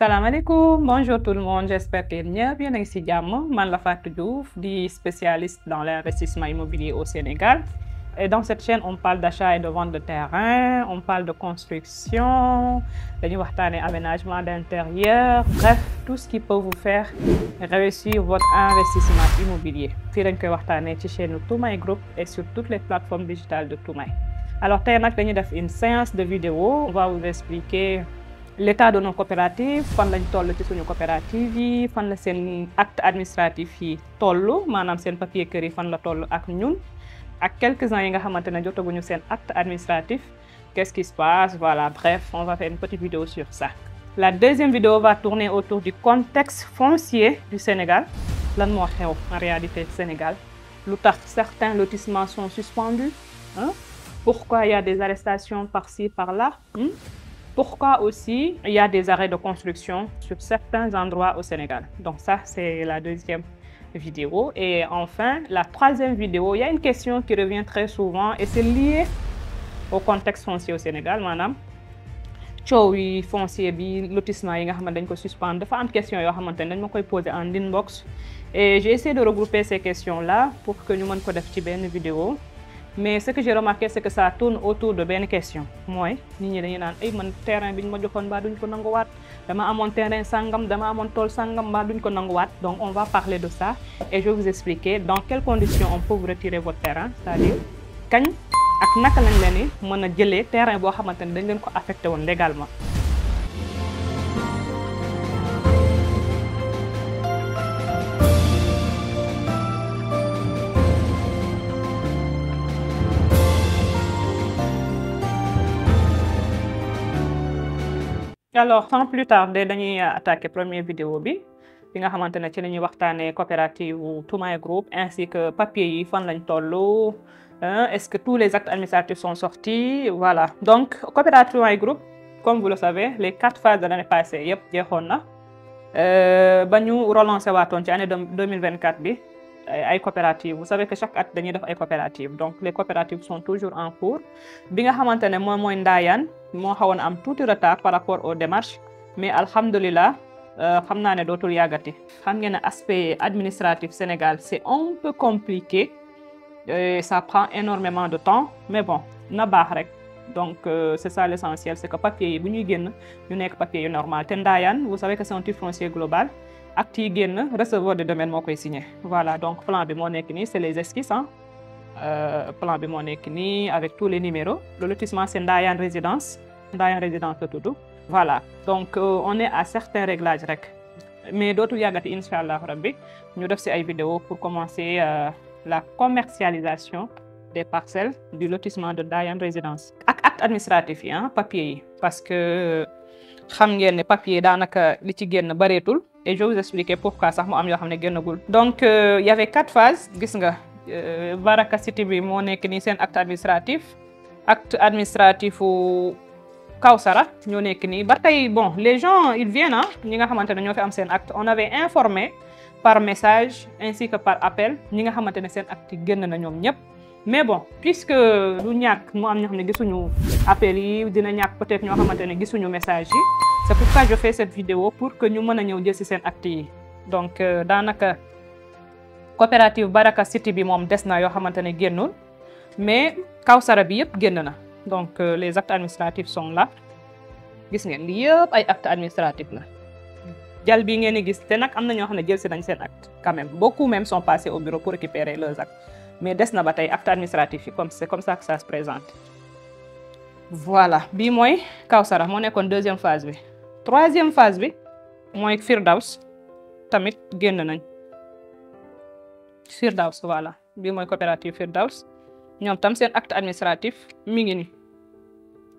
alaikum, bonjour tout le monde j'espère que vous allez bien. Ici ngi la spécialiste dans l'investissement immobilier au Sénégal et dans cette chaîne on parle d'achat et de vente de terrain on parle de construction on parle aménagement d'intérieur bref tout ce qui peut vous faire réussir votre investissement immobilier que chaîne Group et sur toutes les plateformes digitales de Toumaï. alors une séance de vidéo on va vous expliquer l'état de nos coopératives fan lañ toll ci suñu coopérative yi fan la sen acte administratif yi toll manam sen papier kër yi fan la toll ak ñun ak quelques-uns yi nga xamantene ne jotaguñu seen acte administratif qu'est-ce qui se passe voilà bref on va faire une petite vidéo sur ça la deuxième vidéo va tourner autour du contexte foncier du Sénégal lan mo xew en réalité Sénégal certains lotissements sont suspendus hein pourquoi il y a des arrestations par-ci par-là hmm? Pourquoi aussi il y a des arrêts de construction sur certains endroits au Sénégal Donc ça, c'est la deuxième vidéo. Et enfin, la troisième vidéo, il y a une question qui revient très souvent et c'est lié au contexte foncier au Sénégal, madame. Tchoui, foncier bi lotissement yi nga xamante dañ ko y a une question yoo poser en inbox et j'ai essayé de regrouper ces questions là pour que nous puissions faire def ci vidéo mais ce que j'ai remarqué c'est que ça tourne autour de bien question Moi, nit ni dañuy naan ay man terrain bi ñu ma joxoon mbaa duñ ko nanguwaat dama terrain sangam dama amoon tool sangam mbaa duñ ko donc on va parler de ça et je vais vous expliquer dans quelles conditions on peut retirer votre terrain c'est-à-dire quand ak naka vous pouvez prendre le terrain que vous affecté légalement alors sans plus tarder dañuy attaquer première vidéo bi bi nga xamante ci la coopérative ainsi que papier yi fan lañ hein, est-ce que tous les actes administratifs sont sortis voilà donc coopérative ou Group comme vous le savez les quatre phases de l'année passée yep sont na euh, ba ñu relancé waatoon ci année deux 2024. vous savez que chaque acte dañuy def ay coopératives donc les coopératives sont toujours en cours bi nga xamante ne moom moo xawoon am tuuti retard par rapport aux démarches mais alhamdulilah euh, xam naa ne dootul yàggati xam ngeen ne aspect administratif Sénégal c'est un peu compliqué ça prend énormément de temps mais bon na baax rek donc euh, c'est ça l'essentiel c'est que papier yi bu ñuy génn ñu nekk papier normal te ndaayaan vous savez que c'est un titre foncier global acte yi génn receveur de domaine moo koy voilà donc plan bi moo nekk c'est les esquisses Le hein. euh, plan bi moo nekk avec tous les numéros le lotissement c'est Ndayane résidence diane résidence tout voilà donc euh, on est à certains réglages mais dootul yàggati incha allah rabbi ñu def fait ay vidéo pour commencer euh, la commercialisation des parcelles du lotissement de Diane résidence ak acte administratif hein, papier parce que euh, xam ngeen papiers, papier daanaka li ci génn et je vais vous expliquer pourquoi ça mu am yoo xam ne donc donc y avait quatre phases gis nga Baraka City bi un acte administratif acte administratif Kawsara ñoo nekk nii ba tey bon les gens ils viennent ah ñi nga xamante ne ñoo fi am seen acte on avait informé par message ainsi que par appel ñi nga xamante ne seen acte génn na ñoom ñëpp mais bon puisque du ñàkk mu am ñoo xam ne gisuñu appel yi dina ñàkk peut-être ñoo xamante ne gisuñu message yi c'est pourquoi je fais cette vidéo pour que ñu mën a ñëw jël acte yi donc euh, daanaka coopérative Baraka City bi moom des na yoo xamante ne génnul mais Kawsara bi yëpp génn na donc euh, les actes administratifs sont là gis ngeen li yëpp ay actes administratifs la jal bi ngeen gis te nag am na ñoo xam ne jël si nañ seen acte quand même beaucoup même sont passés au bureau pour récupérer leurs actes mais des na ba tey acte administratif yi comme c'est comme ça que ça se présente voilà bii mooy Kawsara moo nekkoon deuxième phase bi troisième phase bi mooy Firdaws tamit génn nañ Firdaws voilà bii mooy coopérative Firdaws ñoom tam seen acte administratif mi ngi ni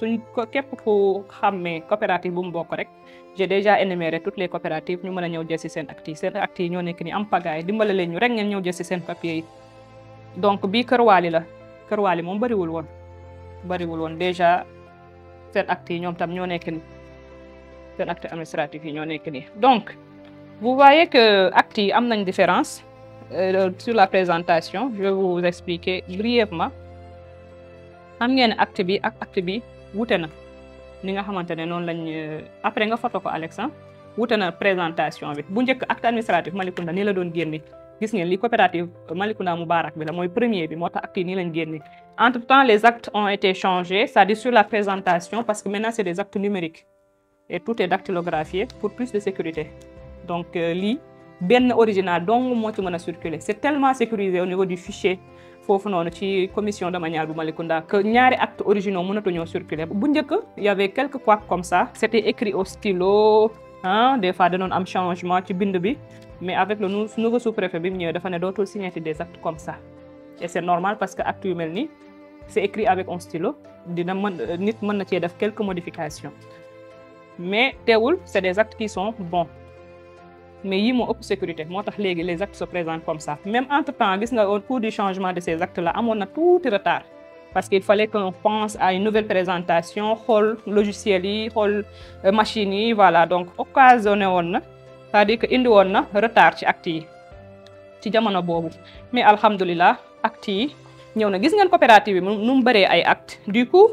suñ ko képp ku xàmmee coopérative bu mu rek j'ai déjà énuméré toutes les coopératives ñu mën a ñëw jël seen acte yi seen acte ñoo nekk ni am pagay dimbale leen ñu rek ngeen ñëw jëssi si seen papier donc bi Kër Waali la Kër Waali moom won woon bëriwul woon déjà seen acte ñom tam ñoo nekk ni seen acte administratif ñoo nekk ni donc vous voyez que acte am nañ différence euh, sur la présentation je vais vous expliquer brièvement am ngeen acte bi ak acte bi après na ni nga xamante ne noonu lañ euh, après nga photo ko Alex wute présentation bi bu acte administratif Malikunda nii la doon génne gis ngeen li coopérative euh, Malicounda Moubarak bi la mooy premier bi moo tax acte yi nii lañ génne entre temps les actes ont été changés c'est-à-dire sur la présentation parce que maintenant c'est des actes numériques et tout est dactylographié pour plus de sécurité donc euh, lii benn original dong moo ci mën a circuler c'est tellement sécurisé au niveau du fichier foofu noonu ci commission manière à ce que ñaari actes originaux ñoo circuler bu il y avait quelques couacs comme ça c'était écrit au stylo hein, des fois non am changement ci bind bi mais avec le nouveau sous-préfet bi ñëw dafa signer des actes comme ça et c'est normal parce que actes yu écrits c'est écrit avec un stylo dina mën nit na quelques modifications mais téwul c'est des actes qui sont bons mais y moo ëpp sécurité moo les actes se présentent comme ça même entre temps gis nga au cours du changement de ces actes là amoon a tout retard parce qu'il fallait qu'on pense à une nouvelle présentation xool logiciel yi xool euh, machine, voilà donc occasionné woon c'est-à-dire que indi woon na retard ci actes yi ci jamono boobu mais alhamdulilah actes yi ñëw na gis ngeen coopérative bi nu mu bëree ay actes du coup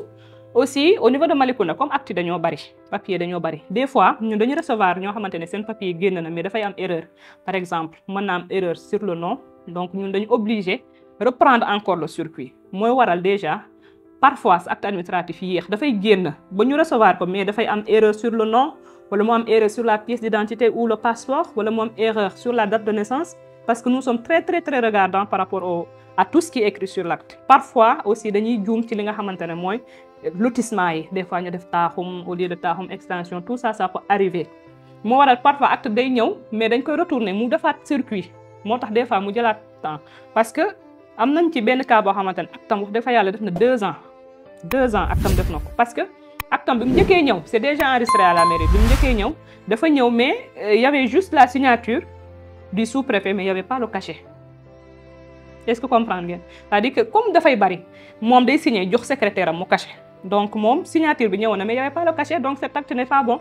aussi au niveau de malikuna comme acte dañoo bari papier dañoo bari des fois nous dañu recevoir ño xamantene sen papier génn na mais fay am erreur par exemple mën na une erreur sur le nom donc nous ñun obligés de reprendre encore le circuit moy waral déjà parfois acte administratif yéex fay génn ba ñu recevoir ko mais fay am erreur sur le nom wala mo am erreur sur la pièce d'identité ou le passeport wala mo am erreur sur la date de naissance parce que nous sommes très très très regardants par rapport à tout ce qui est écrit sur l'acte parfois aussi dañuy joom ci li nga xamantene moy lotissement yi des fois ñu def taaxum au lieu de taaxum extension tout ça ça peut arriver moo waral parfois acte day ñëw mais dañ koy retourner mu defaat circuit moo tax des fois mu jëlaat temps parce que am nañ ci benn cas boo xamante ne actam wax dafa yàlla def na deux ans deux ans actam def na ko parce que actam bi mu njëkkee ñëw c'est déjà enregistré à la mairie bi mu njëkkee ñëw dafa ñëw mais euh, y avait juste la signature du sous-préfet mais y avait pas le cachet est-ce que comprendre ngeen c'est-à-dire que comme dafay bari moom day signer jox secrétaire am mu cachet donc mon signature bi ñëwoon na mais avait pas le cachet donc cet acte n'est pas bon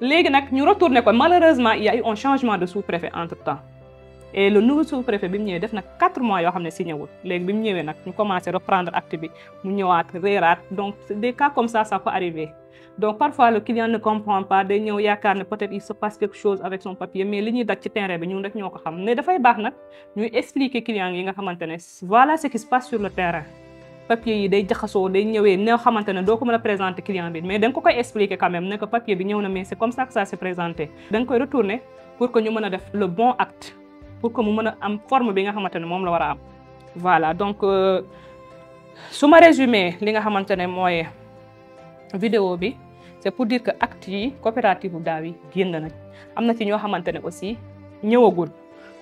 léegi nag ñu ko malheureusement il y a eu un changement de sous-préfet entre temps et le nouveau sous-préfet bi mu def na quatre mois yoo xam ne signé wul léegi bi mu ñëwee ñu commencé reprendre acte bi mu a eu donc des cas comme ça ça peut arriver donc parfois le client ne comprend pas day ñëw peut-être il se passe quelque chose avec son papier mais li ñuy daj ci terrain bi le rek nous xam mais dafay baax nag ñuy expliquer client yi nga voilà ce qui se passe sur le terrain papier yi day jaxasoo day ñëwee noo xamante ne doo ko mën a présenter client bi mais da nga ko koy expliquer quand même ne que papier bi ñëw na mais c'est comme ça que ça s'est présenté da nga koy retourner pour que ñu mën a def le bon acte pour que mu mën a am forme bi nga xamante ne moom la war a am voilà donc euh, su ma résumé li nga xamante ne mooy vidéo bi c'est pour dire que acte yi coopérative bu daaw yi génn nañ am na ci ñoo xamante ne aussi ñëwagul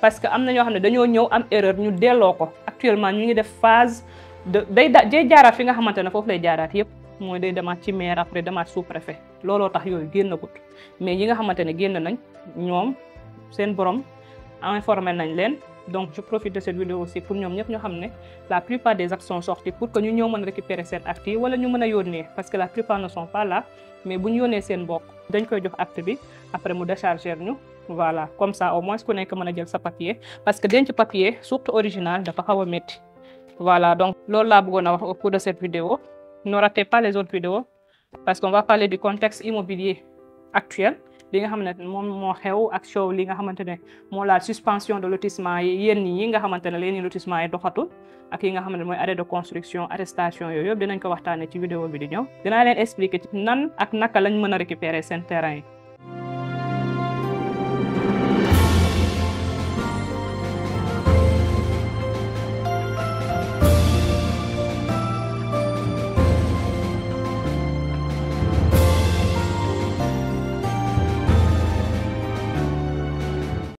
parce que am na ñoo xam ne dañoo ñëw am erreur ñu delloo ko actuellement ñu ngi def phase day day jaaraat fi nga xamante ne foofu lay jaaraat yëpp mooy day demaat ci maire après demaat sous préfet looloo tax yooyu génn mais yi nga xamante ne génn nañ ñoom seen borom informé nañ leen donc je profite de cette vidéo aussi pour ñoom ñëpp ñu xam ne la plupart des actions sont sorties pour que ñu ñëw mën récupérer seen acte yi wala ñu mën a yónnee parce que la plupart ne sont pas là mais bu ñu yónnee seen mbokk dañ koy jox acte bi après mu décharger ñu voilà comme ça au moins ku nekk mën a jël sa papier parce que denc papier surtout original dafa xaw a métti voilà, donc Lola au cours de cette vidéo. Ne ratez pas les autres vidéos parce qu'on va parler du contexte immobilier actuel. li nga xam ne moom moo xew ak coow li nga xamante ne moo suspension de lotissement yi yenn yi nga xamante ne leen lotissement yi doxatul ak yi nga xam ne mooy arrêt de construction arrestation yooyu yëpp dinañ ko waxtaanee ci vidéo bi di ñëw dinaa leen expliquer ci nan ak naka lañ mën récupérer seen terrain yi